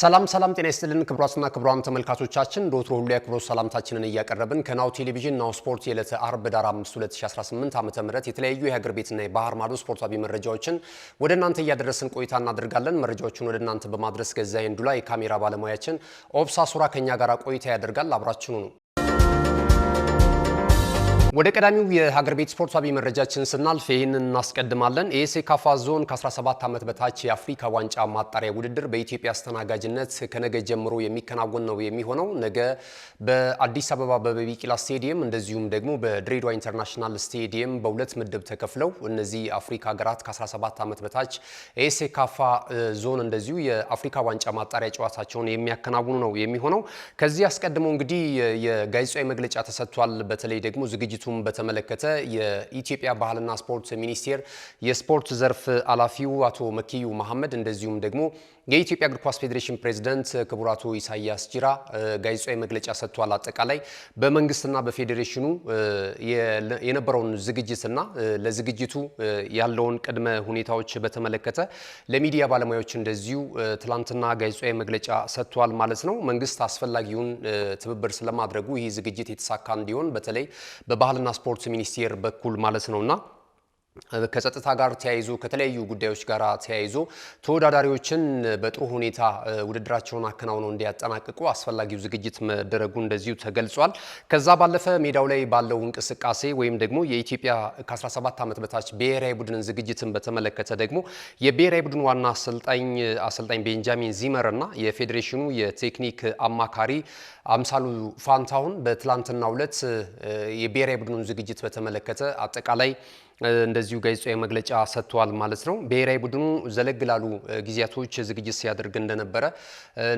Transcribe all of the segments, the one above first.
ሰላም ሰላም ጤና ይስጥልን ክቡራትና ክቡራን ተመልካቾቻችን ዶትሮ ሁሉ የክብሮት ሰላምታችንን እያቀረብን ከናሁ ቴሌቪዥን ናሁ ስፖርት የዕለተ አርብ ዳር 5 2018 ዓ ም የተለያዩ የሀገር ቤትና የባህር ማዶ ስፖርታዊ መረጃዎችን ወደ እናንተ እያደረስን ቆይታ እናደርጋለን። መረጃዎችን ወደ እናንተ በማድረስ ገዛ ሄንዱላ የካሜራ ባለሙያችን ኦብሳ ሱራ ከኛ ጋር ቆይታ ያደርጋል። አብራችኑ ነው። ወደ ቀዳሚው የሀገር ቤት ስፖርታዊ መረጃችን ስናልፍ ይህንን እናስቀድማለን። የሴካፋ ዞን ከ17 ዓመት በታች የአፍሪካ ዋንጫ ማጣሪያ ውድድር በኢትዮጵያ አስተናጋጅነት ከነገ ጀምሮ የሚከናወን ነው የሚሆነው። ነገ በአዲስ አበባ በቢቂላ ስቴዲየም እንደዚሁም ደግሞ በድሬዳዋ ኢንተርናሽናል ስቴዲየም በሁለት ምድብ ተከፍለው እነዚህ የአፍሪካ ሀገራት ከ17 ዓመት በታች የሴካፋ ዞን እንደዚሁ የአፍሪካ ዋንጫ ማጣሪያ ጨዋታቸውን የሚያከናውኑ ነው የሚሆነው። ከዚህ አስቀድሞ እንግዲህ የጋዜጣዊ መግለጫ ተሰጥቷል። በተለይ ደግሞ ዝግጅቱ ዝግጅቱን በተመለከተ የኢትዮጵያ ባህልና ስፖርት ሚኒስቴር የስፖርት ዘርፍ ኃላፊው አቶ መኪዩ መሐመድ እንደዚሁም ደግሞ የኢትዮጵያ እግር ኳስ ፌዴሬሽን ፕሬዝዳንት ክቡር አቶ ኢሳያስ ጂራ ጋዜጣዊ መግለጫ ሰጥቷል። አጠቃላይ በመንግስትና በፌዴሬሽኑ የነበረውን ዝግጅትና ለዝግጅቱ ያለውን ቅድመ ሁኔታዎች በተመለከተ ለሚዲያ ባለሙያዎች እንደዚሁ ትላንትና ጋዜጣዊ መግለጫ ሰጥቷል ማለት ነው። መንግስት አስፈላጊውን ትብብር ስለማድረጉ ይህ ዝግጅት የተሳካ እንዲሆን በተለይ በባህልና ስፖርት ሚኒስቴር በኩል ማለት ነውና ከጸጥታ ጋር ተያይዞ ከተለያዩ ጉዳዮች ጋር ተያይዞ ተወዳዳሪዎችን በጥሩ ሁኔታ ውድድራቸውን አከናውነው እንዲያጠናቅቁ አስፈላጊው ዝግጅት መደረጉ እንደዚሁ ተገልጿል። ከዛ ባለፈ ሜዳው ላይ ባለው እንቅስቃሴ ወይም ደግሞ የኢትዮጵያ ከ17 ዓመት በታች ብሔራዊ ቡድንን ዝግጅትን በተመለከተ ደግሞ የብሔራዊ ቡድን ዋና አሰልጣኝ አሰልጣኝ ቤንጃሚን ዚመር እና የፌዴሬሽኑ የቴክኒክ አማካሪ አምሳሉ ፋንታሁን በትላንትናው ዕለት የብሔራዊ ቡድኑን ዝግጅት በተመለከተ አጠቃላይ እንደዚሁ ጋዜጣዊ መግለጫ ሰጥቷል ማለት ነው። ብሔራዊ ቡድኑ ዘለግ ላሉ ጊዜያቶች ዝግጅት ሲያደርግ እንደነበረ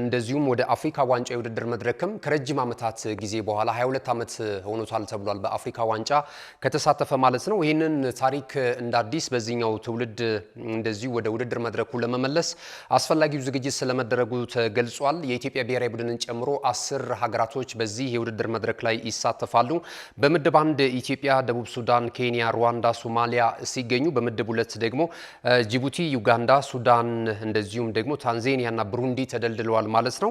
እንደዚሁም ወደ አፍሪካ ዋንጫ የውድድር መድረክም ከረጅም ዓመታት ጊዜ በኋላ 22 ዓመት ሆኖታል ተብሏል በአፍሪካ ዋንጫ ከተሳተፈ ማለት ነው። ይህንን ታሪክ እንደ አዲስ በዚህኛው ትውልድ እንደዚሁ ወደ ውድድር መድረኩ ለመመለስ አስፈላጊው ዝግጅት ስለመደረጉ ተገልጿል። የኢትዮጵያ ብሔራዊ ቡድንን ጨምሮ አስር ሀገራቶች በዚህ የውድድር መድረክ ላይ ይሳተፋሉ። በምድብ አንድ ኢትዮጵያ፣ ደቡብ ሱዳን፣ ኬንያ፣ ሩዋንዳ ሶማሊያ ሲገኙ በምድብ ሁለት ደግሞ ጅቡቲ፣ ዩጋንዳ፣ ሱዳን እንደዚሁም ደግሞ ታንዛኒያና ብሩንዲ ተደልድለዋል ማለት ነው።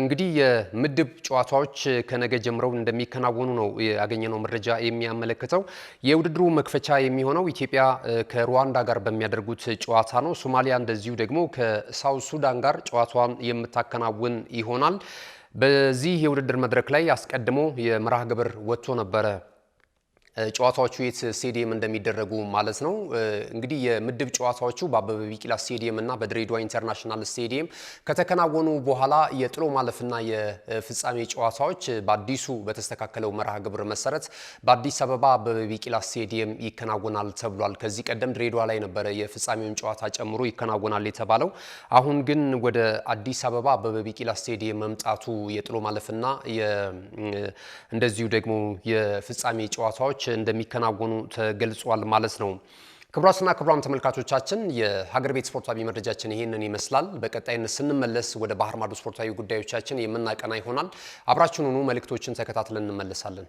እንግዲህ የምድብ ጨዋታዎች ከነገ ጀምረው እንደሚከናወኑ ነው ያገኘነው መረጃ የሚያመለክተው። የውድድሩ መክፈቻ የሚሆነው ኢትዮጵያ ከሩዋንዳ ጋር በሚያደርጉት ጨዋታ ነው። ሶማሊያ እንደዚሁ ደግሞ ከሳውት ሱዳን ጋር ጨዋታዋን የምታከናውን ይሆናል። በዚህ የውድድር መድረክ ላይ አስቀድሞ የመርሃ ግብር ወጥቶ ነበረ። ጨዋታዎቹ የት ስቴዲየም እንደሚደረጉ ማለት ነው። እንግዲህ የምድብ ጨዋታዎቹ በአበበ ቢቂላ ስቴዲየም እና በድሬዳዋ ኢንተርናሽናል ስቴዲየም ከተከናወኑ በኋላ የጥሎ ማለፍና የፍጻሜ ጨዋታዎች በአዲሱ በተስተካከለው መርሃ ግብር መሰረት በአዲስ አበባ አበበ ቢቂላ ስቴዲየም ይከናወናል ተብሏል። ከዚህ ቀደም ድሬዳዋ ላይ ነበረ የፍጻሜውን ጨዋታ ጨምሮ ይከናወናል የተባለው። አሁን ግን ወደ አዲስ አበባ አበበ ቢቂላ ስቴዲየም መምጣቱ የጥሎ ማለፍና እንደዚሁ ደግሞ የፍጻሜ ጨዋታዎች ስራዎች እንደሚከናወኑ ተገልጿል ማለት ነው። ክቡራትና ክቡራን ተመልካቾቻችን የሀገር ቤት ስፖርታዊ መረጃችን ይህንን ይመስላል። በቀጣይነት ስንመለስ ወደ ባህር ማዶ ስፖርታዊ ጉዳዮቻችን የምናቀና ይሆናል። አብራችን ሁኑ። መልእክቶችን ተከታትለን እንመለሳለን።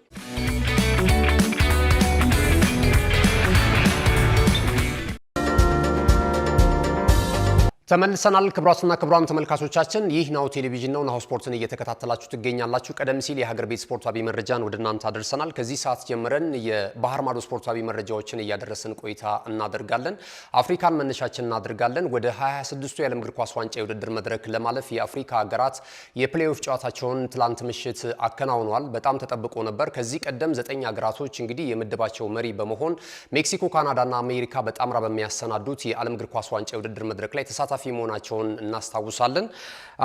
ተመልሰናል። ክቡራትና ክቡራን ተመልካቾቻችን ይህ ናሁ ቴሌቪዥን ነው። ናሁ ስፖርትን እየተከታተላችሁ ትገኛላችሁ። ቀደም ሲል የሀገር ቤት ስፖርታዊ መረጃን ወደ እናንተ አደርሰናል። ከዚህ ሰዓት ጀምረን የባህር ማዶ ስፖርታዊ መረጃዎችን እያደረስን ቆይታ እናደርጋለን። አፍሪካን መነሻችን እናደርጋለን። ወደ 26ቱ የዓለም እግር ኳስ ዋንጫ የውድድር መድረክ ለማለፍ የአፍሪካ ሀገራት የፕሌይኦፍ ጨዋታቸውን ትላንት ምሽት አከናውኗል። በጣም ተጠብቆ ነበር። ከዚህ ቀደም ዘጠኝ ሀገራቶች እንግዲህ የምድባቸው መሪ በመሆን ሜክሲኮ፣ ካናዳና አሜሪካ በጣምራ በሚያሰናዱት የዓለም እግር ኳስ ዋንጫ የውድድር መድረክ ላይ ተሳታፊ ተሳታፊ መሆናቸውን እናስታውሳለን።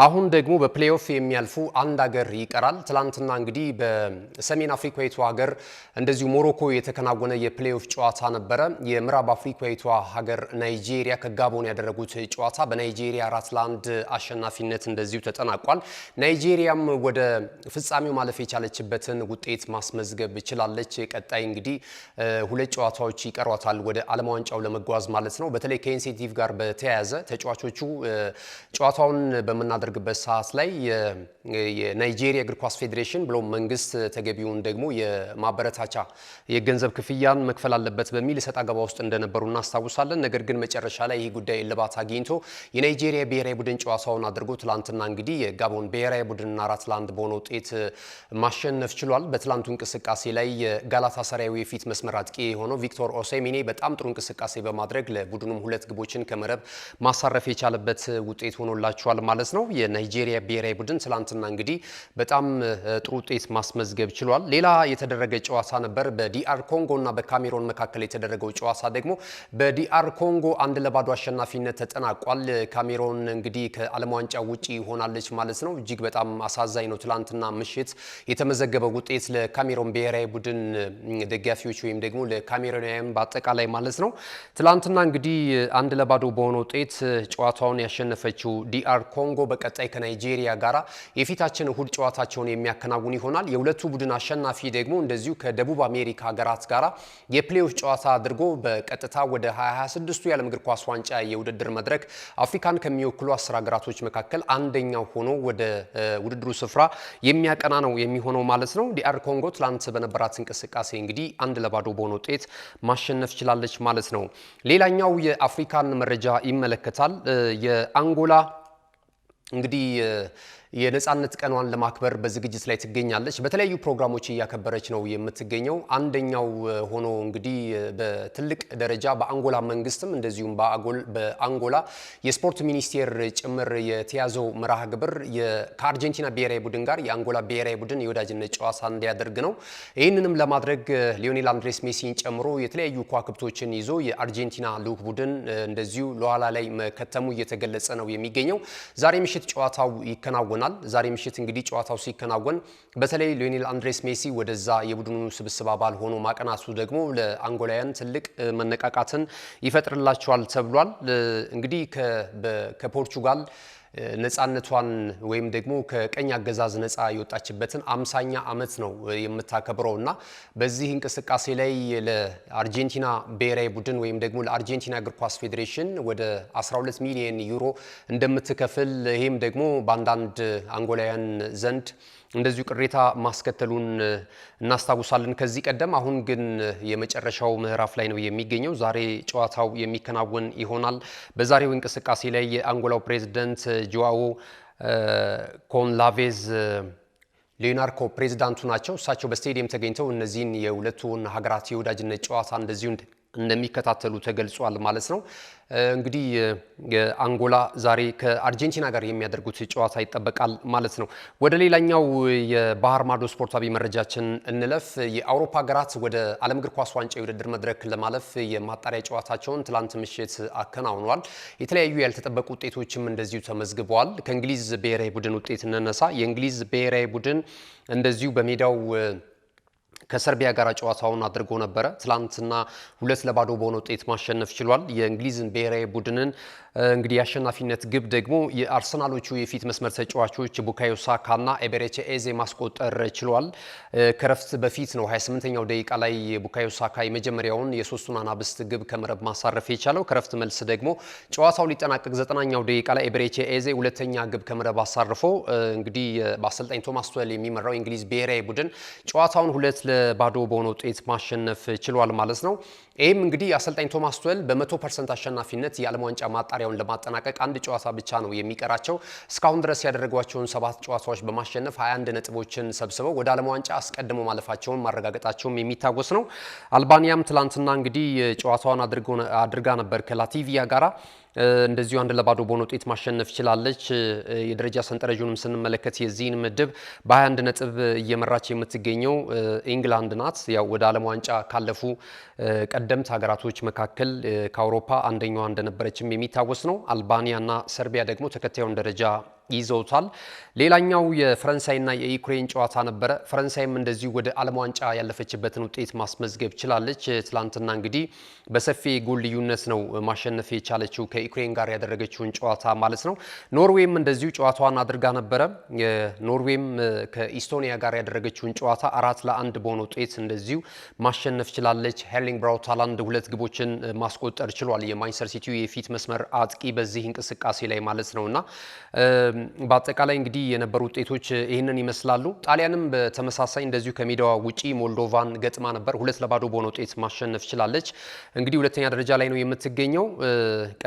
አሁን ደግሞ በፕሌኦፍ የሚያልፉ አንድ ሀገር ይቀራል። ትላንትና እንግዲህ በሰሜን አፍሪካዊቷ ሀገር እንደዚሁ ሞሮኮ የተከናወነ የፕሌኦፍ ጨዋታ ነበረ። የምዕራብ አፍሪካዊቷ ሀገር ናይጄሪያ ከጋቦን ያደረጉት ጨዋታ በናይጄሪያ አራት ለአንድ አሸናፊነት እንደዚሁ ተጠናቋል። ናይጄሪያም ወደ ፍጻሜው ማለፍ የቻለችበትን ውጤት ማስመዝገብ ችላለች። ቀጣይ እንግዲህ ሁለት ጨዋታዎች ይቀሯታል ወደ ዓለም ዋንጫው ለመጓዝ ማለት ነው። በተለይ ከኢንሴንቲቭ ጋር በተያያዘ ተጫዋቾ ተጫዋቾቹ ጨዋታውን በምናደርግበት ሰዓት ላይ የናይጄሪያ እግር ኳስ ፌዴሬሽን ብሎ መንግስት ተገቢውን ደግሞ የማበረታቻ የገንዘብ ክፍያን መክፈል አለበት በሚል እሰጥ አገባ ውስጥ እንደነበሩ እናስታውሳለን። ነገር ግን መጨረሻ ላይ ይህ ጉዳይ እልባት አግኝቶ የናይጄሪያ ብሔራዊ ቡድን ጨዋታውን አድርጎ ትላንትና እንግዲህ የጋቦን ብሔራዊ ቡድን አራት ለአንድ በሆነ ውጤት ማሸነፍ ችሏል። በትላንቱ እንቅስቃሴ ላይ የጋላታ ሰራዊ የፊት መስመር አጥቂ የሆነው ቪክቶር ኦሴሚኔ በጣም ጥሩ እንቅስቃሴ በማድረግ ለቡድኑም ሁለት ግቦችን ከመረብ ማሳረፍ የቻለበት ውጤት ሆኖላችኋል ማለት ነው። የናይጄሪያ ብሔራዊ ቡድን ትላንትና እንግዲህ በጣም ጥሩ ውጤት ማስመዝገብ ችሏል። ሌላ የተደረገ ጨዋታ ነበር በዲአር ኮንጎ እና በካሜሮን መካከል የተደረገው ጨዋታ ደግሞ በዲአር ኮንጎ አንድ ለባዶ አሸናፊነት ተጠናቋል። ካሜሮን እንግዲህ ከዓለም ዋንጫ ውጪ ሆናለች ማለት ነው። እጅግ በጣም አሳዛኝ ነው። ትላንትና ምሽት የተመዘገበ ውጤት ለካሜሮን ብሔራዊ ቡድን ደጋፊዎች ወይም ደግሞ ለካሜሮናውያን በአጠቃላይ ማለት ነው። ትላንትና እንግዲህ አንድ ለባዶ በሆነ ውጤት ጨዋታውን ያሸነፈችው ዲአር ኮንጎ በቀጣይ ከናይጄሪያ ጋራ የፊታችን እሁድ ጨዋታቸውን የሚያከናውን ይሆናል። የሁለቱ ቡድን አሸናፊ ደግሞ እንደዚሁ ከደቡብ አሜሪካ ሀገራት ጋራ የፕሌኦፍ ጨዋታ አድርጎ በቀጥታ ወደ 26ቱ የዓለም እግር ኳስ ዋንጫ የውድድር መድረክ አፍሪካን ከሚወክሉ አስር ሀገራቶች መካከል አንደኛው ሆኖ ወደ ውድድሩ ስፍራ የሚያቀና ነው የሚሆነው ማለት ነው። ዲአር ኮንጎ ትላንት በነበራት እንቅስቃሴ እንግዲህ አንድ ለባዶ በሆነ ውጤት ማሸነፍ ችላለች ማለት ነው። ሌላኛው የአፍሪካን መረጃ ይመለከታል። የአንጎላ እንግዲህ የነጻነት ቀኗን ለማክበር በዝግጅት ላይ ትገኛለች። በተለያዩ ፕሮግራሞች እያከበረች ነው የምትገኘው። አንደኛው ሆኖ እንግዲህ በትልቅ ደረጃ በአንጎላ መንግስትም እንደዚሁም በአንጎላ የስፖርት ሚኒስቴር ጭምር የተያዘው መርሃ ግብር ከአርጀንቲና ብሔራዊ ቡድን ጋር የአንጎላ ብሔራዊ ቡድን የወዳጅነት ጨዋታ እንዲያደርግ ነው። ይህንንም ለማድረግ ሊዮኔል አንድሬስ ሜሲን ጨምሮ የተለያዩ ከዋክብቶችን ይዞ የአርጀንቲና ልዑክ ቡድን እንደዚሁ ለኋላ ላይ መከተሙ እየተገለጸ ነው የሚገኘው። ዛሬ ምሽት ጨዋታው ይከናወናል። ይሆናል። ዛሬ ምሽት እንግዲህ ጨዋታው ሲከናወን በተለይ ሊዮኔል አንድሬስ ሜሲ ወደዛ የቡድኑ ስብስብ አባል ሆኖ ማቀናሱ ደግሞ ለአንጎላውያን ትልቅ መነቃቃትን ይፈጥርላቸዋል ተብሏል። እንግዲህ ከፖርቹጋል ነፃነቷን ወይም ደግሞ ከቀኝ አገዛዝ ነፃ የወጣችበትን አምሳኛ ዓመት ነው የምታከብረው እና በዚህ እንቅስቃሴ ላይ ለአርጀንቲና ብሔራዊ ቡድን ወይም ደግሞ ለአርጀንቲና እግር ኳስ ፌዴሬሽን ወደ 12 ሚሊዮን ዩሮ እንደምትከፍል ይህም ደግሞ በአንዳንድ አንጎላውያን ዘንድ እንደዚሁ ቅሬታ ማስከተሉን እናስታውሳለን ከዚህ ቀደም። አሁን ግን የመጨረሻው ምዕራፍ ላይ ነው የሚገኘው። ዛሬ ጨዋታው የሚከናወን ይሆናል። በዛሬው እንቅስቃሴ ላይ የአንጎላው ፕሬዝዳንት ጆዋዎ ኮንላቬዝ ሌናርኮ ፕሬዝዳንቱ ናቸው። እሳቸው በስቴዲየም ተገኝተው እነዚህን የሁለቱን ሀገራት የወዳጅነት ጨዋታ እንደዚሁ እንደሚከታተሉ ተገልጿል ማለት ነው። እንግዲህ አንጎላ ዛሬ ከአርጀንቲና ጋር የሚያደርጉት ጨዋታ ይጠበቃል ማለት ነው። ወደ ሌላኛው የባህር ማዶ ስፖርታዊ መረጃችን እንለፍ። የአውሮፓ ሀገራት ወደ ዓለም እግር ኳስ ዋንጫ የውድድር መድረክ ለማለፍ የማጣሪያ ጨዋታቸውን ትላንት ምሽት አከናውኗል። የተለያዩ ያልተጠበቁ ውጤቶችም እንደዚሁ ተመዝግበዋል። ከእንግሊዝ ብሔራዊ ቡድን ውጤት እንነሳ። የእንግሊዝ ብሔራዊ ቡድን እንደዚሁ በሜዳው ከሰርቢያ ጋር ጨዋታውን አድርጎ ነበረ። ትላንትና ሁለት ለባዶ በሆነ ውጤት ማሸነፍ ችሏል። የእንግሊዝን ብሔራዊ ቡድንን እንግዲህ የአሸናፊነት ግብ ደግሞ የአርሰናሎቹ የፊት መስመር ተጫዋቾች ቡካዮ ሳካና ኤቤሬቺ ኤዜ ማስቆጠር ችሏል። ከረፍት በፊት ነው 28ኛው ደቂቃ ላይ ቡካዮ ሳካ የመጀመሪያውን የሶስቱን አናብስት ግብ ከመረብ ማሳረፍ የቻለው። ከረፍት መልስ ደግሞ ጨዋታው ሊጠናቀቅ ዘጠናኛው ደቂቃ ላይ ኤቤሬቺ ኤዜ ሁለተኛ ግብ ከመረብ አሳርፎ እንግዲህ በአሰልጣኝ ቶማስ ቱል የሚመራው የእንግሊዝ ብሔራዊ ቡድን ጨዋታውን ሁለት ለባዶ በሆነ ውጤት ማሸነፍ ችሏል ማለት ነው። ይህም እንግዲህ አሰልጣኝ ቶማስ ቱዌል በመቶ ፐርሰንት አሸናፊነት የዓለም ዋንጫ ማጣሪያውን ለማጠናቀቅ አንድ ጨዋታ ብቻ ነው የሚቀራቸው። እስካሁን ድረስ ያደረጓቸውን ሰባት ጨዋታዎች በማሸነፍ 21 ነጥቦችን ሰብስበው ወደ ዓለም ዋንጫ አስቀድሞ ማለፋቸውን ማረጋገጣቸውም የሚታወስ ነው። አልባኒያም ትላንትና እንግዲህ ጨዋታዋን አድርጋ ነበር ከላቲቪያ ጋራ እንደዚሁ አንድ ለባዶ በሆነ ውጤት ማሸነፍ ችላለች። የደረጃ ሰንጠረዥንም ስንመለከት የዚህን ምድብ በ21 ነጥብ እየመራች የምትገኘው ኢንግላንድ ናት። ያው ወደ ዓለም ዋንጫ ካለፉ ቀድ ቀደምት ሀገራቶች መካከል ከአውሮፓ አንደኛዋ እንደነበረችም የሚታወስ ነው። አልባኒያና ሰርቢያ ደግሞ ተከታዩን ደረጃ ይዘውታል። ሌላኛው የፈረንሳይና የዩክሬን ጨዋታ ነበረ። ፈረንሳይም እንደዚሁ ወደ ዓለም ዋንጫ ያለፈችበትን ውጤት ማስመዝገብ ችላለች። ትላንትና እንግዲህ በሰፊ ጎል ልዩነት ነው ማሸነፍ የቻለችው ከዩክሬን ጋር ያደረገችውን ጨዋታ ማለት ነው። ኖርዌይም እንደዚሁ ጨዋታዋን አድርጋ ነበረ። ኖርዌይም ከኢስቶኒያ ጋር ያደረገችውን ጨዋታ አራት ለአንድ በሆነ ውጤት እንደዚሁ ማሸነፍ ችላለች። ሄርሊንግ ብራውት ሃላንድ ሁለት ግቦችን ማስቆጠር ችሏል። የማንቸስተር ሲቲው የፊት መስመር አጥቂ በዚህ እንቅስቃሴ ላይ ማለት ነውና በአጠቃላይ እንግዲህ የነበሩ ውጤቶች ይህንን ይመስላሉ። ጣሊያንም በተመሳሳይ እንደዚሁ ከሜዳዋ ውጪ ሞልዶቫን ገጥማ ነበር። ሁለት ለባዶ በሆነ ውጤት ማሸነፍ ችላለች። እንግዲህ ሁለተኛ ደረጃ ላይ ነው የምትገኘው።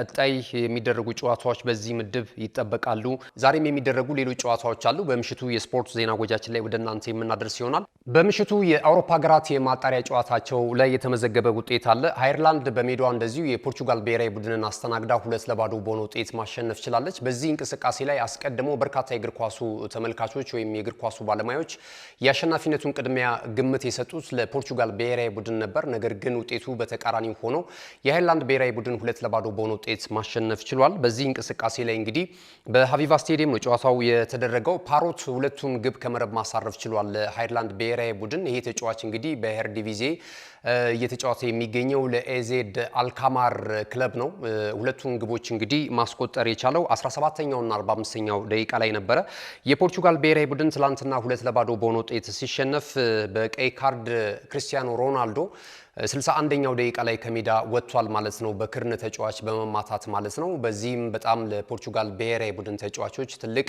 ቀጣይ የሚደረጉ ጨዋታዎች በዚህ ምድብ ይጠበቃሉ። ዛሬም የሚደረጉ ሌሎች ጨዋታዎች አሉ። በምሽቱ የስፖርት ዜና ጎጃችን ላይ ወደ እናንተ የምናደርስ ይሆናል። በምሽቱ የአውሮፓ ሀገራት የማጣሪያ ጨዋታቸው ላይ የተመዘገበ ውጤት አለ። ሀይርላንድ በሜዳዋ እንደዚሁ የፖርቹጋል ብሔራዊ ቡድንን አስተናግዳ ሁለት ለባዶ በሆነ ውጤት ማሸነፍ ችላለች። በዚህ እንቅስቃሴ ላይ አስቀድሞ በርካታ የእግር ኳሱ ተመልካቾች ወይም የእግር ኳሱ ባለሙያዎች የአሸናፊነቱን ቅድሚያ ግምት የሰጡት ለፖርቹጋል ብሔራዊ ቡድን ነበር። ነገር ግን ውጤቱ በተቃራኒ ሆኖ የሃይላንድ ብሔራዊ ቡድን ሁለት ለባዶ በሆነ ውጤት ማሸነፍ ችሏል። በዚህ እንቅስቃሴ ላይ እንግዲህ በሀቪቫ ስቴዲየም ነው ጨዋታው የተደረገው። ፓሮት ሁለቱን ግብ ከመረብ ማሳረፍ ችሏል። አይርላንድ ብሔራዊ ቡድን ይሄ ተጫዋች እንግዲህ ዲቪዜ እየተጫወተ የሚገኘው ለኤዜድ አልካማር ክለብ ነው። ሁለቱን ግቦች እንግዲህ ማስቆጠር የቻለው 17ኛውና 45ኛው ደቂቃ ላይ ነበረ። የፖርቹጋል ብሔራዊ ቡድን ትላንትና ሁለት ለባዶ በሆነ ውጤት ሲሸነፍ በቀይ ካርድ ክርስቲያኖ ሮናልዶ ስልሳ አንደኛው ደቂቃ ላይ ከሜዳ ወጥቷል ማለት ነው። በክርን ተጫዋች በመማታት ማለት ነው። በዚህም በጣም ለፖርቹጋል ብሔራዊ ቡድን ተጫዋቾች ትልቅ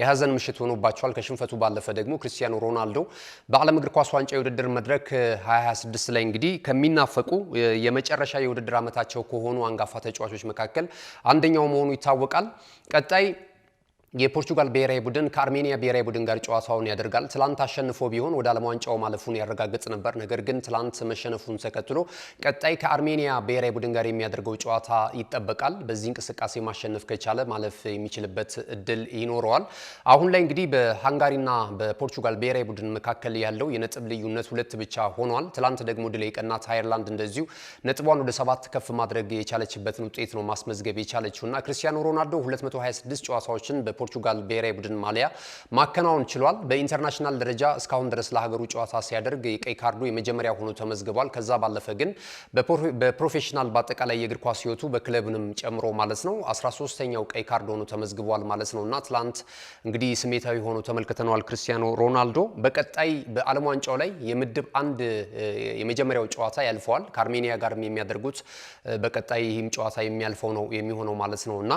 የሀዘን ምሽት ሆኖባቸዋል። ከሽንፈቱ ባለፈ ደግሞ ክርስቲያኖ ሮናልዶ በዓለም እግር ኳስ ዋንጫ የውድድር መድረክ 2026 ላይ እንግዲህ ከሚናፈቁ የመጨረሻ የውድድር ዓመታቸው ከሆኑ አንጋፋ ተጫዋቾች መካከል አንደኛው መሆኑ ይታወቃል። ቀጣይ የፖርቹጋል ብሔራዊ ቡድን ከአርሜኒያ ብሔራዊ ቡድን ጋር ጨዋታውን ያደርጋል። ትላንት አሸንፎ ቢሆን ወደ ዓለም ዋንጫው ማለፉን ያረጋግጥ ነበር። ነገር ግን ትላንት መሸነፉን ተከትሎ ቀጣይ ከአርሜኒያ ብሔራዊ ቡድን ጋር የሚያደርገው ጨዋታ ይጠበቃል። በዚህ እንቅስቃሴ ማሸነፍ ከቻለ ማለፍ የሚችልበት እድል ይኖረዋል። አሁን ላይ እንግዲህ በሃንጋሪና በፖርቹጋል ብሔራዊ ቡድን መካከል ያለው የነጥብ ልዩነት ሁለት ብቻ ሆኗል። ትላንት ደግሞ ድል የቀናት አየርላንድ እንደዚሁ ነጥቧን ወደ ሰባት ከፍ ማድረግ የቻለችበትን ውጤት ነው ማስመዝገብ የቻለችው እና ክርስቲያኖ ሮናልዶ 226 ጨዋታዎችን በፖርቹጋል ብሔራዊ ቡድን ማሊያ ማከናወን ችሏል። በኢንተርናሽናል ደረጃ እስካሁን ድረስ ለሀገሩ ጨዋታ ሲያደርግ የቀይ ካርዱ የመጀመሪያ ሆኖ ተመዝግቧል። ከዛ ባለፈ ግን በፕሮፌሽናል በአጠቃላይ የእግር ኳስ ህይወቱ በክለብንም ጨምሮ ማለት ነው 13ተኛው ቀይ ካርድ ሆኖ ተመዝግቧል ማለት ነው እና ትላንት እንግዲህ ስሜታዊ ሆኖ ተመልክተነዋል ክርስቲያኖ ሮናልዶ። በቀጣይ በዓለም ዋንጫው ላይ የምድብ አንድ የመጀመሪያው ጨዋታ ያልፈዋል ከአርሜኒያ ጋር የሚያደርጉት በቀጣይ ይህም ጨዋታ የሚያልፈው ነው የሚሆነው ማለት ነው እና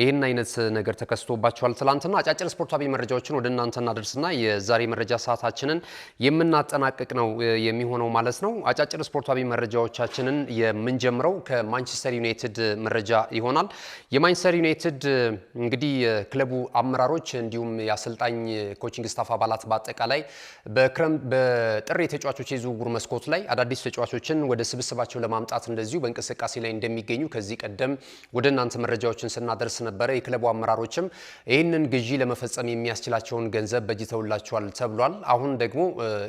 ይህን አይነት ነገር ተከስቶባቸዋል። ትላንትና አጫጭር ስፖርታዊ መረጃዎችን ወደ እናንተ እናደርስና የዛሬ መረጃ ሰዓታችንን የምናጠናቅቅ ነው የሚሆነው ማለት ነው። አጫጭር ስፖርታዊ መረጃዎቻችንን የምንጀምረው ከማንቸስተር ዩናይትድ መረጃ ይሆናል። የማንቸስተር ዩናይትድ እንግዲህ ክለቡ አመራሮች እንዲሁም የአሰልጣኝ ኮችንግ ስታፍ አባላት በአጠቃላይ በጥር የተጫዋቾች የዝውውር መስኮት ላይ አዳዲስ ተጫዋቾችን ወደ ስብስባቸው ለማምጣት እንደዚሁ በእንቅስቃሴ ላይ እንደሚገኙ ከዚህ ቀደም ወደ እናንተ መረጃዎችን ስናደርስ ነበረ። የክለቡ አመራሮችም ይህንን ግዢ ለመፈጸም የሚያስችላቸውን ገንዘብ በጅተውላቸዋል ተብሏል። አሁን ደግሞ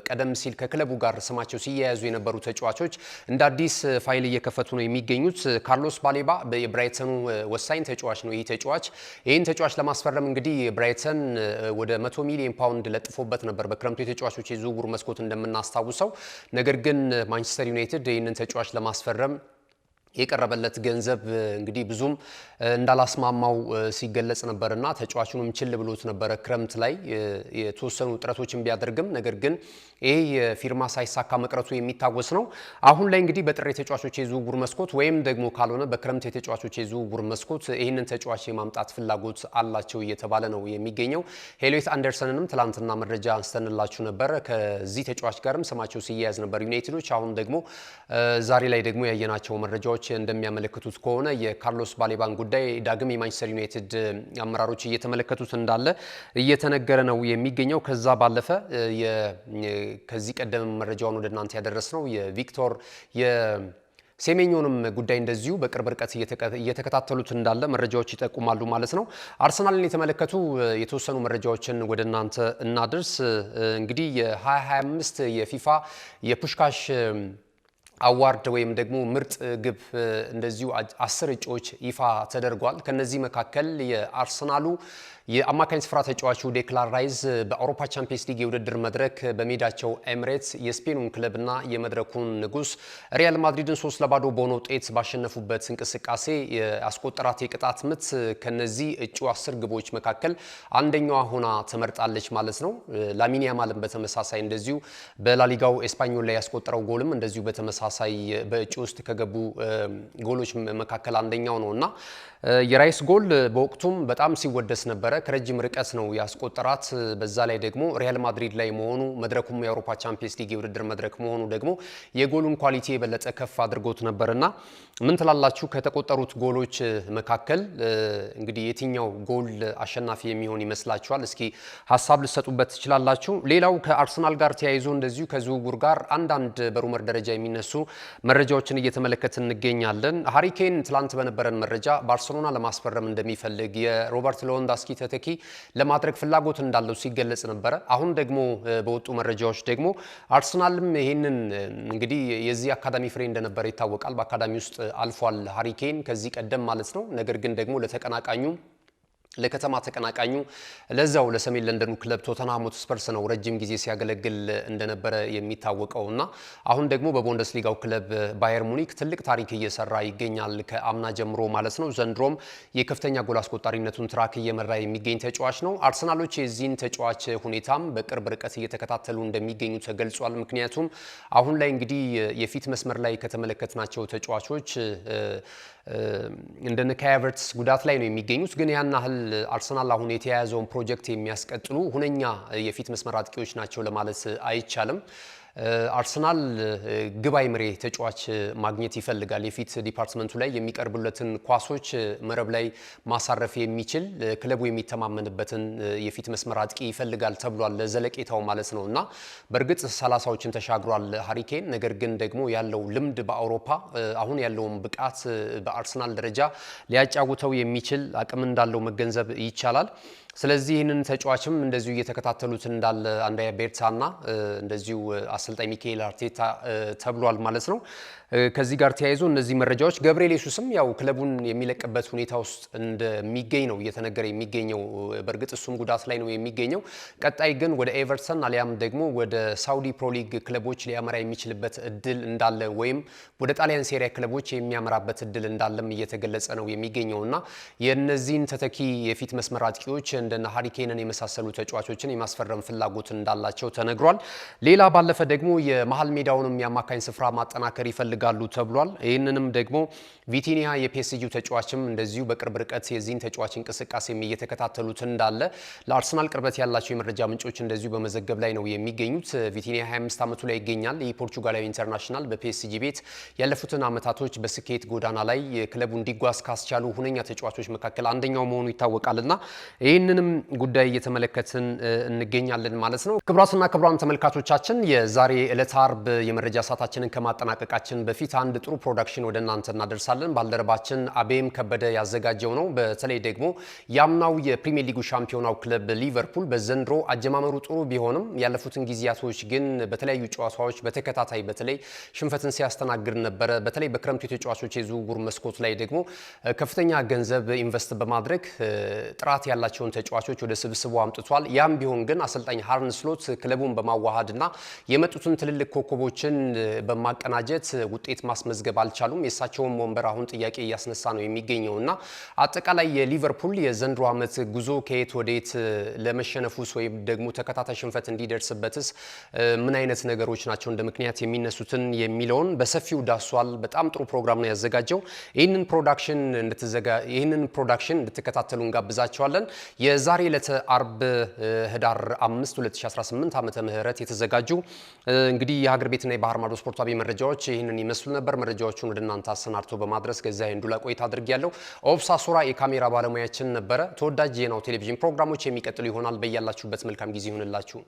ቀደም ሲል ከክለቡ ጋር ስማቸው ሲያያዙ የነበሩ ተጫዋቾች እንደ አዲስ ፋይል እየከፈቱ ነው የሚገኙት። ካርሎስ ባሌባ የብራይተኑ ወሳኝ ተጫዋች ነው። ይህ ተጫዋች ይህን ተጫዋች ለማስፈረም እንግዲህ ብራይተን ወደ 100 ሚሊዮን ፓውንድ ለጥፎበት ነበር በክረምቱ የተጫዋቾች የዝውውር መስኮት እንደምናስታውሰው። ነገር ግን ማንቸስተር ዩናይትድ ይህንን ተጫዋች ለማስፈረም የቀረበለት ገንዘብ እንግዲህ ብዙም እንዳላስማማው ሲገለጽ ነበርና ተጫዋቹንም ችል ብሎት ነበረ። ክረምት ላይ የተወሰኑ ጥረቶችን ቢያደርግም ነገር ግን ይህ የፊርማ ሳይሳካ መቅረቱ የሚታወስ ነው። አሁን ላይ እንግዲህ በጥር የተጫዋቾች የዝውውር መስኮት ወይም ደግሞ ካልሆነ በክረምት የተጫዋቾች የዝውውር መስኮት ይህንን ተጫዋች የማምጣት ፍላጎት አላቸው እየተባለ ነው የሚገኘው። ሄሎት አንደርሰንንም ትላንትና መረጃ አንስተንላችሁ ነበረ። ከዚህ ተጫዋች ጋርም ስማቸው ሲያያዝ ነበር ዩናይትዶች። አሁን ደግሞ ዛሬ ላይ ደግሞ ያየናቸው መረጃዎች መረጃዎች እንደሚያመለክቱት ከሆነ የካርሎስ ባሌባን ጉዳይ ዳግም የማንቸስተር ዩናይትድ አመራሮች እየተመለከቱት እንዳለ እየተነገረ ነው የሚገኘው። ከዛ ባለፈ ከዚህ ቀደም መረጃውን ወደ እናንተ ያደረስ ነው። የቪክቶር ሴሜኞንም ጉዳይ እንደዚሁ በቅርብ ርቀት እየተከታተሉት እንዳለ መረጃዎች ይጠቁማሉ ማለት ነው። አርሰናልን የተመለከቱ የተወሰኑ መረጃዎችን ወደ እናንተ እናድርስ። እንግዲህ የ2025 የፊፋ የፑሽካሽ አዋርድ ወይም ደግሞ ምርጥ ግብ እንደዚሁ አስር እጩዎች ይፋ ተደርጓል። ከነዚህ መካከል የአርሰናሉ የአማካኝ ስፍራ ተጫዋቹ ዴክላን ራይስ በአውሮፓ ቻምፒየንስ ሊግ የውድድር መድረክ በሜዳቸው ኤምሬትስ የስፔኑን ክለብና የመድረኩን ንጉስ ሪያል ማድሪድን ሶስት ለባዶ በሆነ ውጤት ባሸነፉበት እንቅስቃሴ አስቆጠራት የቅጣት ምት ከነዚህ እጩ አስር ግቦች መካከል አንደኛዋ ሆና ተመርጣለች ማለት ነው። ላሚን ያማልም በተመሳሳይ እንደዚሁ በላሊጋው ኤስፓኞል ላይ ያስቆጠረው ጎልም እንደዚሁ በተመሳሳይ በእጩ ውስጥ ከገቡ ጎሎች መካከል አንደኛው ነው እና የራይስ ጎል በወቅቱም በጣም ሲወደስ ነበረ። ከረጅም ርቀት ነው ያስቆጠራት። በዛ ላይ ደግሞ ሪያል ማድሪድ ላይ መሆኑ መድረኩም የአውሮፓ ቻምፒየንስ ሊግ የውድድር መድረክ መሆኑ ደግሞ የጎሉን ኳሊቲ የበለጠ ከፍ አድርጎት ነበርና ምን ትላላችሁ? ከተቆጠሩት ጎሎች መካከል እንግዲህ የትኛው ጎል አሸናፊ የሚሆን ይመስላችኋል? እስኪ ሀሳብ ልሰጡበት ትችላላችሁ። ሌላው ከአርሰናል ጋር ተያይዞ እንደዚሁ ከዝውውር ጋር አንዳንድ በሩመር ደረጃ የሚነሱ መረጃዎችን እየተመለከት እንገኛለን። ሀሪኬን ትላንት በነበረን መረጃ ባርሴሎና ለማስፈረም እንደሚፈልግ የሮበርት ሌዋንዶውስኪ ተተኪ ለማድረግ ፍላጎት እንዳለው ሲገለጽ ነበረ። አሁን ደግሞ በወጡ መረጃዎች ደግሞ አርሰናልም ይህንን እንግዲህ የዚህ አካዳሚ ፍሬ እንደነበረ ይታወቃል። በአካዳሚ ውስጥ አልፏል ሀሪኬን ከዚህ ቀደም ማለት ነው። ነገር ግን ደግሞ ለተቀናቃኙ ለከተማ ተቀናቃኙ ለዛው ለሰሜን ለንደኑ ክለብ ቶተንሃም ሆትስፐርስ ነው ረጅም ጊዜ ሲያገለግል እንደነበረ የሚታወቀው እና አሁን ደግሞ በቡንደስሊጋው ክለብ ባየር ሙኒክ ትልቅ ታሪክ እየሰራ ይገኛል። ከአምና ጀምሮ ማለት ነው። ዘንድሮም የከፍተኛ ጎል አስቆጣሪነቱን ትራክ እየመራ የሚገኝ ተጫዋች ነው። አርሰናሎች የዚህን ተጫዋች ሁኔታም በቅርብ ርቀት እየተከታተሉ እንደሚገኙ ተገልጿል። ምክንያቱም አሁን ላይ እንግዲህ የፊት መስመር ላይ ከተመለከትናቸው ተጫዋቾች እንደነ ጉዳት ላይ ነው የሚገኙት ግን ያን ያህል አርሰናል አሁን የተያያዘውን ፕሮጀክት የሚያስቀጥሉ ሁነኛ የፊት መስመር አጥቂዎች ናቸው ለማለት አይቻልም። አርሰናል ግብ አይምሬ ተጫዋች ማግኘት ይፈልጋል። የፊት ዲፓርትመንቱ ላይ የሚቀርቡለትን ኳሶች መረብ ላይ ማሳረፍ የሚችል ክለቡ የሚተማመንበትን የፊት መስመር አጥቂ ይፈልጋል ተብሏል። ለዘለቄታው ማለት ነው እና በእርግጥ ሰላሳዎችን ተሻግሯል ሀሪኬን። ነገር ግን ደግሞ ያለው ልምድ በአውሮፓ አሁን ያለውን ብቃት በአርሰናል ደረጃ ሊያጫውተው የሚችል አቅም እንዳለው መገንዘብ ይቻላል። ስለዚህ ይህንን ተጫዋችም እንደዚሁ እየተከታተሉት እንዳለ አንድሪያ ቤርታና እንደዚሁ አሰልጣኝ ሚካኤል አርቴታ ተብሏል ማለት ነው። ከዚህ ጋር ተያይዞ እነዚህ መረጃዎች ገብርኤል ኢየሱስም ያው ክለቡን የሚለቅበት ሁኔታ ውስጥ እንደሚገኝ ነው እየተነገረ የሚገኘው። በእርግጥ እሱም ጉዳት ላይ ነው የሚገኘው። ቀጣይ ግን ወደ ኤቨርተን አሊያም ደግሞ ወደ ሳውዲ ፕሮሊግ ክለቦች ሊያመራ የሚችልበት እድል እንዳለ ወይም ወደ ጣሊያን ሴሪያ ክለቦች የሚያመራበት እድል እንዳለም እየተገለጸ ነው የሚገኘው እና የእነዚህን ተተኪ የፊት መስመር አጥቂዎች እንደነ ሀሪኬንን የመሳሰሉ ተጫዋቾችን የማስፈረም ፍላጎት እንዳላቸው ተነግሯል። ሌላ ባለፈ ደግሞ የመሀል ሜዳውንም የአማካኝ ስፍራ ማጠናከር ይፈልጋል ያደርጋሉ ተብሏል። ይህንንም ደግሞ ቪቲኒያ የፒኤስጂው ተጫዋችም እንደዚሁ በቅርብ ርቀት የዚህን ተጫዋች እንቅስቃሴም እየተከታተሉት እንዳለ ለአርሰናል ቅርበት ያላቸው የመረጃ ምንጮች እንደዚሁ በመዘገብ ላይ ነው የሚገኙት። ቪቲኒያ 25 ዓመቱ ላይ ይገኛል። ይህ ፖርቹጋላዊ ኢንተርናሽናል በፒኤስጂ ቤት ያለፉትን ዓመታቶች በስኬት ጎዳና ላይ ክለቡ እንዲጓዝ ካስቻሉ ሁነኛ ተጫዋቾች መካከል አንደኛው መሆኑ ይታወቃልና ይህንንም ጉዳይ እየተመለከትን እንገኛለን ማለት ነው። ክቡራትና ክቡራን ተመልካቾቻችን የዛሬ ዕለት አርብ የመረጃ ሰዓታችንን ከማጠናቀቃችን በፊት አንድ ጥሩ ፕሮዳክሽን ወደ እናንተ እናደርሳለን። ባልደረባችን አቤም ከበደ ያዘጋጀው ነው። በተለይ ደግሞ ያምናው የፕሪሚየር ሊጉ ሻምፒዮናው ክለብ ሊቨርፑል በዘንድሮ አጀማመሩ ጥሩ ቢሆንም ያለፉትን ጊዜያቶች ግን በተለያዩ ጨዋታዎች በተከታታይ በተለይ ሽንፈትን ሲያስተናግድ ነበረ። በተለይ በክረምቱ የተጫዋቾች የዝውውር መስኮት ላይ ደግሞ ከፍተኛ ገንዘብ ኢንቨስት በማድረግ ጥራት ያላቸውን ተጫዋቾች ወደ ስብስቡ አምጥቷል። ያም ቢሆን ግን አሰልጣኝ ሃርን ስሎት ክለቡን በማዋሃድና የመጡትን ትልልቅ ኮከቦችን በማቀናጀት ውጤት ማስመዝገብ አልቻሉም። የእሳቸውም ወንበር አሁን ጥያቄ እያስነሳ ነው የሚገኘው እና አጠቃላይ የሊቨርፑል የዘንድሮ ዓመት ጉዞ ከየት ወደየት ለመሸነፉስ ወይም ደግሞ ተከታታይ ሽንፈት እንዲደርስበትስ ምን አይነት ነገሮች ናቸው እንደ ምክንያት የሚነሱትን የሚለውን በሰፊው ዳሷል። በጣም ጥሩ ፕሮግራም ነው ያዘጋጀው። ይህንን ፕሮዳክሽን ይህንን ፕሮዳክሽን እንድትከታተሉ እንጋብዛቸዋለን። የዛሬ ዕለተ አርብ ህዳር 5 2018 ዓመተ ምህረት የተዘጋጁ እንግዲህ የሀገር ቤትና የባህር ማዶ ስፖርታዊ መረጃዎች ይህንን ይመስሉ ነበር። መረጃዎቹን ወደ እናንተ አሰናድቶ በማድረስ ገዛ እንዱ ላይ ቆይታ አድርጌያለሁ። ኦብሳ ሶራ የካሜራ ባለሙያችን ነበረ። ተወዳጅ የናሁ ቴሌቪዥን ፕሮግራሞች የሚቀጥሉ ይሆናል። በያላችሁበት መልካም ጊዜ ይሁንላችሁ።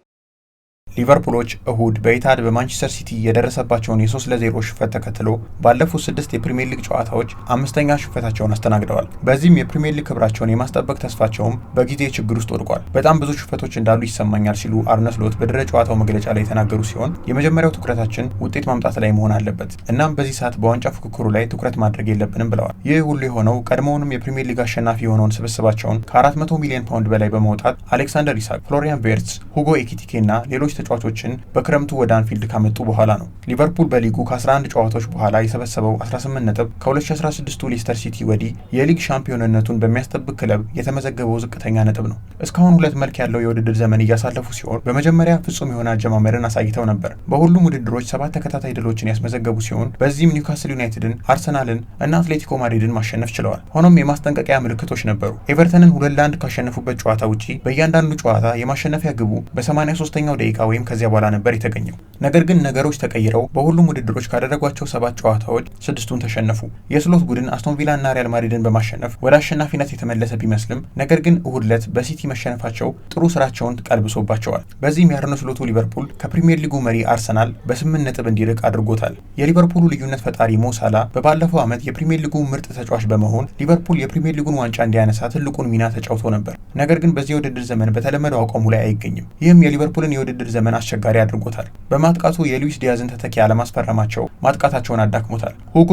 ሊቨርፑሎች እሁድ በኢታድ በማንቸስተር ሲቲ የደረሰባቸውን የ ለ0 ሽንፈት ተከትሎ ባለፉት ስድስት የፕሪምየር ሊግ ጨዋታዎች አምስተኛ ሽንፈታቸውን አስተናግደዋል። በዚህም የፕሪምየር ሊግ ክብራቸውን የማስጠበቅ ተስፋቸውም በጊዜ ችግር ውስጥ ወድቋል። በጣም ብዙ ሽንፈቶች እንዳሉ ይሰማኛል ሲሉ አርነ ስሎት በድረ ጨዋታው መግለጫ ላይ የተናገሩ ሲሆን የመጀመሪያው ትኩረታችን ውጤት ማምጣት ላይ መሆን አለበት፣ እናም በዚህ ሰዓት በዋንጫ ፉክክሩ ላይ ትኩረት ማድረግ የለብንም ብለዋል። ይህ ሁሉ የሆነው ቀድሞውንም የፕሪምየር ሊግ አሸናፊ የሆነውን ስብስባቸውን ከ400 ሚሊዮን ፓውንድ በላይ በመውጣት አሌክሳንደር ኢሳክ፣ ፍሎሪያን ቬርትስ፣ ሁጎ ኤኪቲኬ እና ሌሎች ተጫዋቾችን በክረምቱ ወደ አንፊልድ ካመጡ በኋላ ነው። ሊቨርፑል በሊጉ ከ11 ጨዋታዎች በኋላ የሰበሰበው 18 ነጥብ ከ2016ቱ ሌስተር ሲቲ ወዲህ የሊግ ሻምፒዮንነቱን በሚያስጠብቅ ክለብ የተመዘገበው ዝቅተኛ ነጥብ ነው። እስካሁን ሁለት መልክ ያለው የውድድር ዘመን እያሳለፉ ሲሆን በመጀመሪያ ፍጹም የሆነ አጀማመርን አሳይተው ነበር። በሁሉም ውድድሮች ሰባት ተከታታይ ድሎችን ያስመዘገቡ ሲሆን በዚህም ኒውካስል ዩናይትድን፣ አርሰናልን እና አትሌቲኮ ማድሪድን ማሸነፍ ችለዋል። ሆኖም የማስጠንቀቂያ ምልክቶች ነበሩ። ኤቨርተንን ሁለት ለአንድ ካሸነፉበት ጨዋታ ውጪ በእያንዳንዱ ጨዋታ የማሸነፊያ ግቡ በ83ኛው ደቂቃ ወይም ከዚያ በኋላ ነበር የተገኘው። ነገር ግን ነገሮች ተቀይረው በሁሉም ውድድሮች ካደረጓቸው ሰባት ጨዋታዎች ስድስቱን ተሸነፉ። የስሎት ቡድን አስቶን ቪላና ሪያል ማድሪድን በማሸነፍ ወደ አሸናፊነት የተመለሰ ቢመስልም ነገር ግን እሁድ ዕለት በሲቲ መሸነፋቸው ጥሩ ስራቸውን ቀልብሶባቸዋል። በዚህም የአርነ ስሎቱ ሊቨርፑል ከፕሪምየር ሊጉ መሪ አርሰናል በስምንት ነጥብ እንዲርቅ አድርጎታል። የሊቨርፑሉ ልዩነት ፈጣሪ ሞሳላ በባለፈው ዓመት የፕሪምየር ሊጉ ምርጥ ተጫዋች በመሆን ሊቨርፑል የፕሪምየር ሊጉን ዋንጫ እንዲያነሳ ትልቁን ሚና ተጫውቶ ነበር። ነገር ግን በዚህ የውድድር ዘመን በተለመደው አቋሙ ላይ አይገኝም። ይህም የሊቨርፑልን የውድድር ዘመን ዘመን አስቸጋሪ አድርጎታል። በማጥቃቱ የሉዊስ ዲያዝን ተተኪ አለማስፈረማቸው ማጥቃታቸውን አዳክሞታል። ሁጎ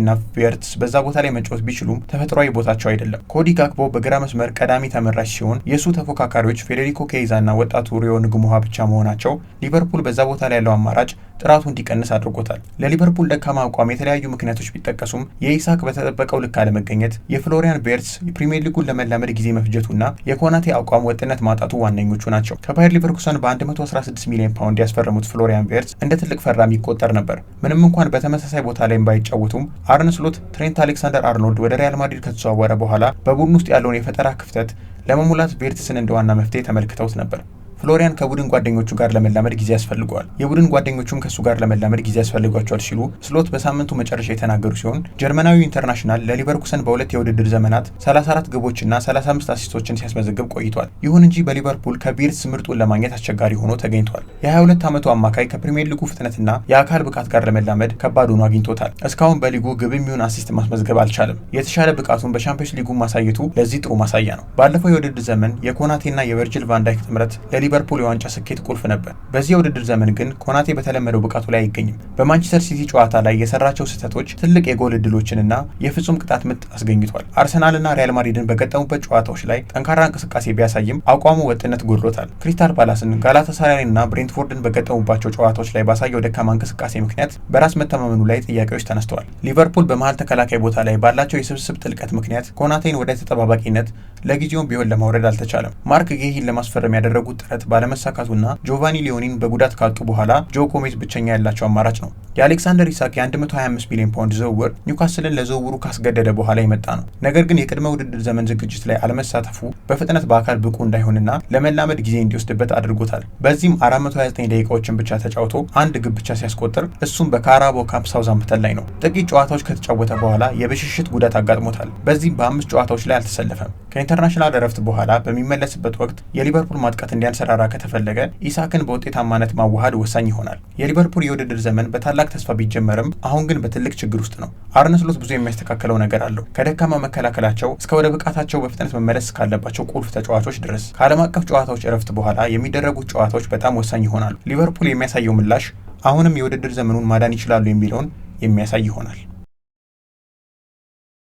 እና ቪርትስ በዛ ቦታ ላይ መጫወት ቢችሉም ተፈጥሯዊ ቦታቸው አይደለም። ኮዲ ጋክቦ በግራ መስመር ቀዳሚ ተመራጭ ሲሆን የእሱ ተፎካካሪዎች ፌዴሪኮ እና ወጣቱ ሪዮ ንግሙሃ ብቻ መሆናቸው ሊቨርፑል በዛ ቦታ ላይ ያለው አማራጭ ጥራቱ እንዲቀንስ አድርጎታል። ለሊቨርፑል ደካማ አቋም የተለያዩ ምክንያቶች ቢጠቀሱም የኢሳክ በተጠበቀው ልክ አለመገኘት፣ የፍሎሪያን ቤርትስ የፕሪምየር ሊጉን ለመላመድ ጊዜ መፍጀቱና የኮናቴ አቋም ወጥነት ማጣቱ ዋነኞቹ ናቸው። ከባየር ሊቨርኩሰን በ116 ሚሊዮን ፓውንድ ያስፈረሙት ፍሎሪያን ቤርትስ እንደ ትልቅ ፈራም ይቆጠር ነበር። ምንም እንኳን በተመሳሳይ ቦታ ላይም ባይጫወቱም አርነ ስሎት ትሬንት አሌክሳንደር አርኖልድ ወደ ሪያል ማድሪድ ከተዘዋወረ በኋላ በቡድን ውስጥ ያለውን የፈጠራ ክፍተት ለመሙላት ቤርትስን እንደ ዋና መፍትሄ ተመልክተውት ነበር። ፍሎሪያን ከቡድን ጓደኞቹ ጋር ለመላመድ ጊዜ ያስፈልገዋል፣ የቡድን ጓደኞቹም ከእሱ ጋር ለመላመድ ጊዜ ያስፈልጓቸዋል ሲሉ ስሎት በሳምንቱ መጨረሻ የተናገሩ ሲሆን ጀርመናዊው ኢንተርናሽናል ለሊቨርኩሰን በሁለት የውድድር ዘመናት 34 ግቦችና 35 አሲስቶችን ሲያስመዘግብ ቆይቷል። ይሁን እንጂ በሊቨርፑል ከቢርስ ምርጡን ለማግኘት አስቸጋሪ ሆኖ ተገኝቷል። የ22 ዓመቱ አማካይ ከፕሪምየር ሊጉ ፍጥነትና የአካል ብቃት ጋር ለመላመድ ከባድ ሆኖ አግኝቶታል። እስካሁን በሊጉ ግብ የሚሆን አሲስት ማስመዝገብ አልቻለም። የተሻለ ብቃቱን በሻምፒዮንስ ሊጉ ማሳየቱ ለዚህ ጥሩ ማሳያ ነው። ባለፈው የውድድር ዘመን የኮናቴና የቨርጅል ቫንዳይክ ጥምረት የሊቨርፑል የዋንጫ ስኬት ቁልፍ ነበር። በዚህ የውድድር ዘመን ግን ኮናቴ በተለመደው ብቃቱ ላይ አይገኝም። በማንቸስተር ሲቲ ጨዋታ ላይ የሰራቸው ስህተቶች ትልቅ የጎል እድሎችንና የፍጹም ቅጣት ምት አስገኝቷል። አርሰናልና ሪያል ማድሪድን በገጠሙበት ጨዋታዎች ላይ ጠንካራ እንቅስቃሴ ቢያሳይም አቋሙ ወጥነት ጎድሎታል። ክሪስታል ፓላስን፣ ጋላታሳራይንና ብሬንትፎርድን በገጠሙባቸው ጨዋታዎች ላይ ባሳየው ደካማ እንቅስቃሴ ምክንያት በራስ መተማመኑ ላይ ጥያቄዎች ተነስተዋል። ሊቨርፑል በመሀል ተከላካይ ቦታ ላይ ባላቸው የስብስብ ጥልቀት ምክንያት ኮናቴን ወደ ተጠባባቂነት ለጊዜውም ቢሆን ለማውረድ አልተቻለም። ማርክ ጌሂን ለማስፈረም ያደረጉት ጥረት ባለመሳካቱና ጆቫኒ ሊዮኒን በጉዳት ካጡ በኋላ ጆ ኮሜት ብቸኛ ያላቸው አማራጭ ነው። የአሌክሳንደር ኢሳክ የ125 ሚሊዮን ፓውንድ ዝውውር ኒውካስልን ለዝውውሩ ካስገደደ በኋላ የመጣ ነው። ነገር ግን የቅድመ ውድድር ዘመን ዝግጅት ላይ አለመሳተፉ በፍጥነት በአካል ብቁ እንዳይሆንና ለመላመድ ጊዜ እንዲወስድበት አድርጎታል። በዚህም 429 ደቂቃዎችን ብቻ ተጫውቶ አንድ ግብ ብቻ ሲያስቆጥር እሱም በካራቦ ካምፕ ሳውዛምፕተን ላይ ነው። ጥቂት ጨዋታዎች ከተጫወተ በኋላ የብሽሽት ጉዳት አጋጥሞታል። በዚህም በአምስት ጨዋታዎች ላይ አልተሰለፈም። ከኢንተርናሽናል እረፍት በኋላ በሚመለስበት ወቅት የሊቨርፑል ማጥቃት እንዲያንሰ እንዲያንሰራራ ከተፈለገ ኢሳክን በውጤታማነት ማዋሃድ ወሳኝ ይሆናል። የሊቨርፑል የውድድር ዘመን በታላቅ ተስፋ ቢጀመርም አሁን ግን በትልቅ ችግር ውስጥ ነው። አርነ ስሎት ብዙ የሚያስተካክለው ነገር አለው። ከደካማ መከላከላቸው እስከ ወደ ብቃታቸው በፍጥነት መመለስ ካለባቸው ቁልፍ ተጫዋቾች ድረስ ከዓለም አቀፍ ጨዋታዎች እረፍት በኋላ የሚደረጉት ጨዋታዎች በጣም ወሳኝ ይሆናሉ። ሊቨርፑል የሚያሳየው ምላሽ አሁንም የውድድር ዘመኑን ማዳን ይችላሉ የሚለውን የሚያሳይ ይሆናል።